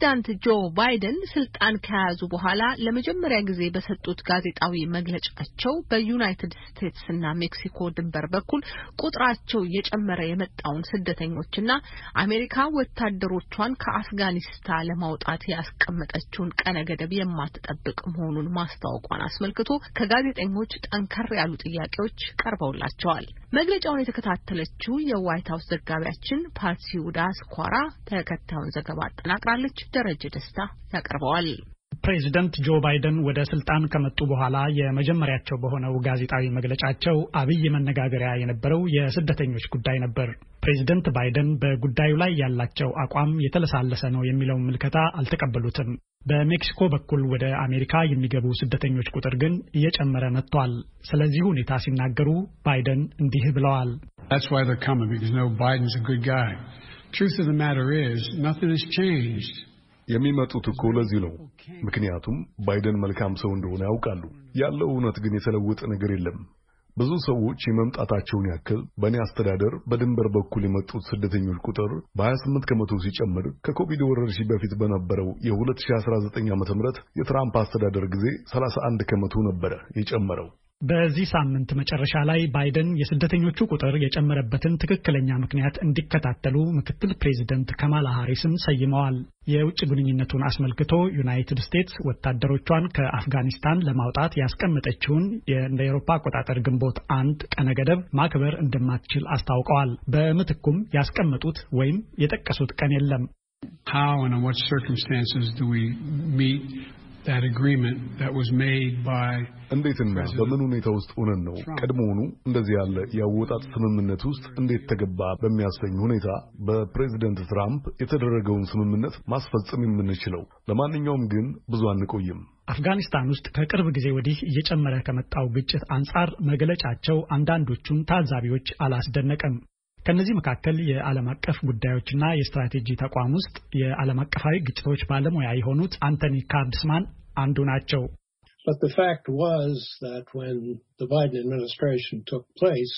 ፕሬዚዳንት ጆ ባይደን ስልጣን ከያዙ በኋላ ለመጀመሪያ ጊዜ በሰጡት ጋዜጣዊ መግለጫቸው በዩናይትድ ስቴትስና ሜክሲኮ ድንበር በኩል ቁጥራቸው እየጨመረ የመጣውን ስደተኞችና አሜሪካ ወታደሮቿን ከአፍጋኒስታን ለማውጣት ያስቀመጠችውን ቀነ ገደብ የማትጠብቅ መሆኑን ማስታወቋን አስመልክቶ ከጋዜጠኞች ጠንከር ያሉ ጥያቄዎች ቀርበውላቸዋል። መግለጫውን የተከታተለችው የዋይት ሀውስ ዘጋቢያችን ፓትሲ ስኳራ ተከታዩን ዘገባ አጠናቅራለች። ደረጀ ደስታ ያቀርበዋል። ፕሬዚደንት ጆ ባይደን ወደ ስልጣን ከመጡ በኋላ የመጀመሪያቸው በሆነው ጋዜጣዊ መግለጫቸው አብይ መነጋገሪያ የነበረው የስደተኞች ጉዳይ ነበር። ፕሬዚደንት ባይደን በጉዳዩ ላይ ያላቸው አቋም የተለሳለሰ ነው የሚለውን ምልከታ አልተቀበሉትም። በሜክሲኮ በኩል ወደ አሜሪካ የሚገቡ ስደተኞች ቁጥር ግን እየጨመረ መጥቷል። ስለዚህ ሁኔታ ሲናገሩ ባይደን እንዲህ ብለዋል። That's ነው they're ነው because ነው Biden's ነው good ነው Truth ነው the ነው is, ነው has changed. የሚመጡት እኮ ለዚህ ነው። ምክንያቱም ባይደን መልካም ሰው እንደሆነ ያውቃሉ። ያለው እውነት ግን የተለወጠ ነገር የለም። ብዙ ሰዎች የመምጣታቸውን ያክል በእኔ አስተዳደር በድንበር በኩል የመጡት ስደተኞች ቁጥር በ28 ከመቶ ሲጨምር ከኮቪድ ወረርሽኝ በፊት በነበረው የ2019 ዓ ም የትራምፕ አስተዳደር ጊዜ 31 ከመቶ ነበረ የጨመረው። በዚህ ሳምንት መጨረሻ ላይ ባይደን የስደተኞቹ ቁጥር የጨመረበትን ትክክለኛ ምክንያት እንዲከታተሉ ምክትል ፕሬዚደንት ከማላ ሃሪስን ሰይመዋል። የውጭ ግንኙነቱን አስመልክቶ ዩናይትድ ስቴትስ ወታደሮቿን ከአፍጋኒስታን ለማውጣት ያስቀመጠችውን እንደ ኤሮፓ አቆጣጠር ግንቦት አንድ ቀነ ገደብ ማክበር እንደማትችል አስታውቀዋል። በምትኩም ያስቀመጡት ወይም የጠቀሱት ቀን የለም። How and in what circumstances do we meet እንዴትና በምን ሁኔታ ውስጥ ሆነን ነው ቀድሞውኑ እንደዚህ ያለ የአወጣጥ ስምምነት ውስጥ እንዴት ተገባ በሚያሰኝ ሁኔታ በፕሬዚደንት ትራምፕ የተደረገውን ስምምነት ማስፈጸም የምንችለው? ለማንኛውም ግን ብዙ አንቆይም። አፍጋኒስታን ውስጥ ከቅርብ ጊዜ ወዲህ እየጨመረ ከመጣው ግጭት አንጻር መግለጫቸው አንዳንዶቹን ታዛቢዎች አላስደነቀም። ከነዚህ መካከል የዓለም አቀፍ ጉዳዮችና የስትራቴጂ ተቋም ውስጥ የዓለም አቀፋዊ ግጭቶች ባለሙያ የሆኑት አንቶኒ ካርድስማን አንዱ ናቸው። But the fact was that when the Biden administration took place,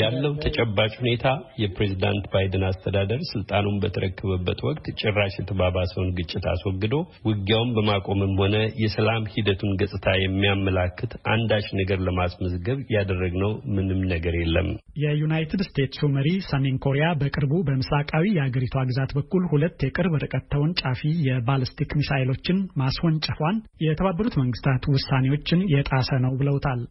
ያለው ተጨባጭ ሁኔታ የፕሬዚዳንት ባይደን አስተዳደር ስልጣኑን በተረከበበት ወቅት ጭራሽ የተባባሰውን ግጭት አስወግዶ ውጊያውን በማቆምም ሆነ የሰላም ሂደቱን ገጽታ የሚያመላክት አንዳች ነገር ለማስመዝገብ ያደረግነው ምንም ነገር የለም። የዩናይትድ ስቴትሱ መሪ ሰሜን ኮሪያ በቅርቡ በምስራቃዊ የአገሪቷ ግዛት በኩል ሁለት የቅርብ ርቀት ተወንጫፊ የባለስቲክ ሚሳይሎችን ማስወንጨፏን የተባበሩት መንግስታት ውሳኔዎችን የጣሰ ነው ብለውታል።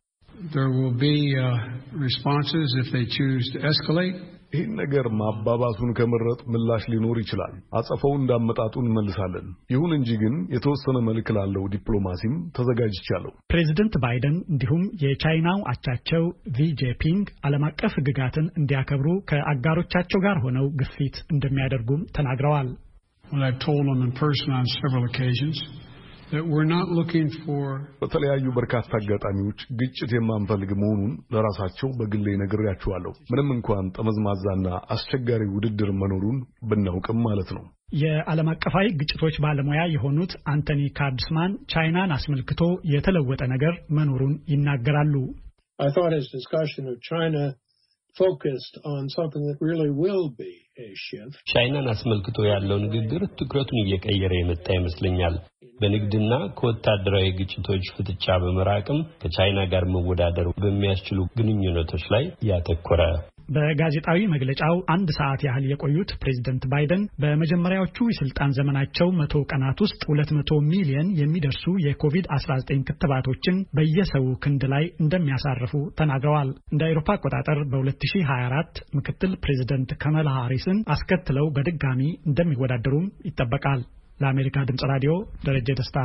there will be uh, responses if they choose to escalate. ይህን ነገር ማባባሱን ከመረጥ ምላሽ ሊኖር ይችላል። አጸፈው እንዳመጣጡ እንመልሳለን። ይሁን እንጂ ግን የተወሰነ መልክ ላለው ዲፕሎማሲም ተዘጋጅቻለሁ። ፕሬዚደንት ባይደን እንዲሁም የቻይናው አቻቸው ቪጄፒንግ ዓለም አቀፍ ሕግጋትን እንዲያከብሩ ከአጋሮቻቸው ጋር ሆነው ግፊት እንደሚያደርጉም ተናግረዋል። በተለያዩ በርካታ አጋጣሚዎች ግጭት የማንፈልግ መሆኑን ለራሳቸው በግሌ ነግሬያቸዋለሁ። ምንም እንኳን ጠመዝማዛና አስቸጋሪ ውድድር መኖሩን ብናውቅም ማለት ነው። የዓለም አቀፋዊ ግጭቶች ባለሙያ የሆኑት አንቶኒ ካርድስማን ቻይናን አስመልክቶ የተለወጠ ነገር መኖሩን ይናገራሉ። ቻይናን አስመልክቶ ያለው ንግግር ትኩረቱን እየቀየረ የመጣ ይመስለኛል። በንግድና ከወታደራዊ ግጭቶች ፍጥጫ በመራቅም ከቻይና ጋር መወዳደር በሚያስችሉ ግንኙነቶች ላይ ያተኮረ በጋዜጣዊ መግለጫው አንድ ሰዓት ያህል የቆዩት ፕሬዚደንት ባይደን በመጀመሪያዎቹ የስልጣን ዘመናቸው መቶ ቀናት ውስጥ 200 ሚሊየን የሚደርሱ የኮቪድ-19 ክትባቶችን በየሰው ክንድ ላይ እንደሚያሳርፉ ተናግረዋል። እንደ አውሮፓ አቆጣጠር በ2024 ምክትል ፕሬዚደንት ከመላ ሃሪስን አስከትለው በድጋሚ እንደሚወዳደሩም ይጠበቃል። ለአሜሪካ ድምፅ ራዲዮ ደረጀ ደስታ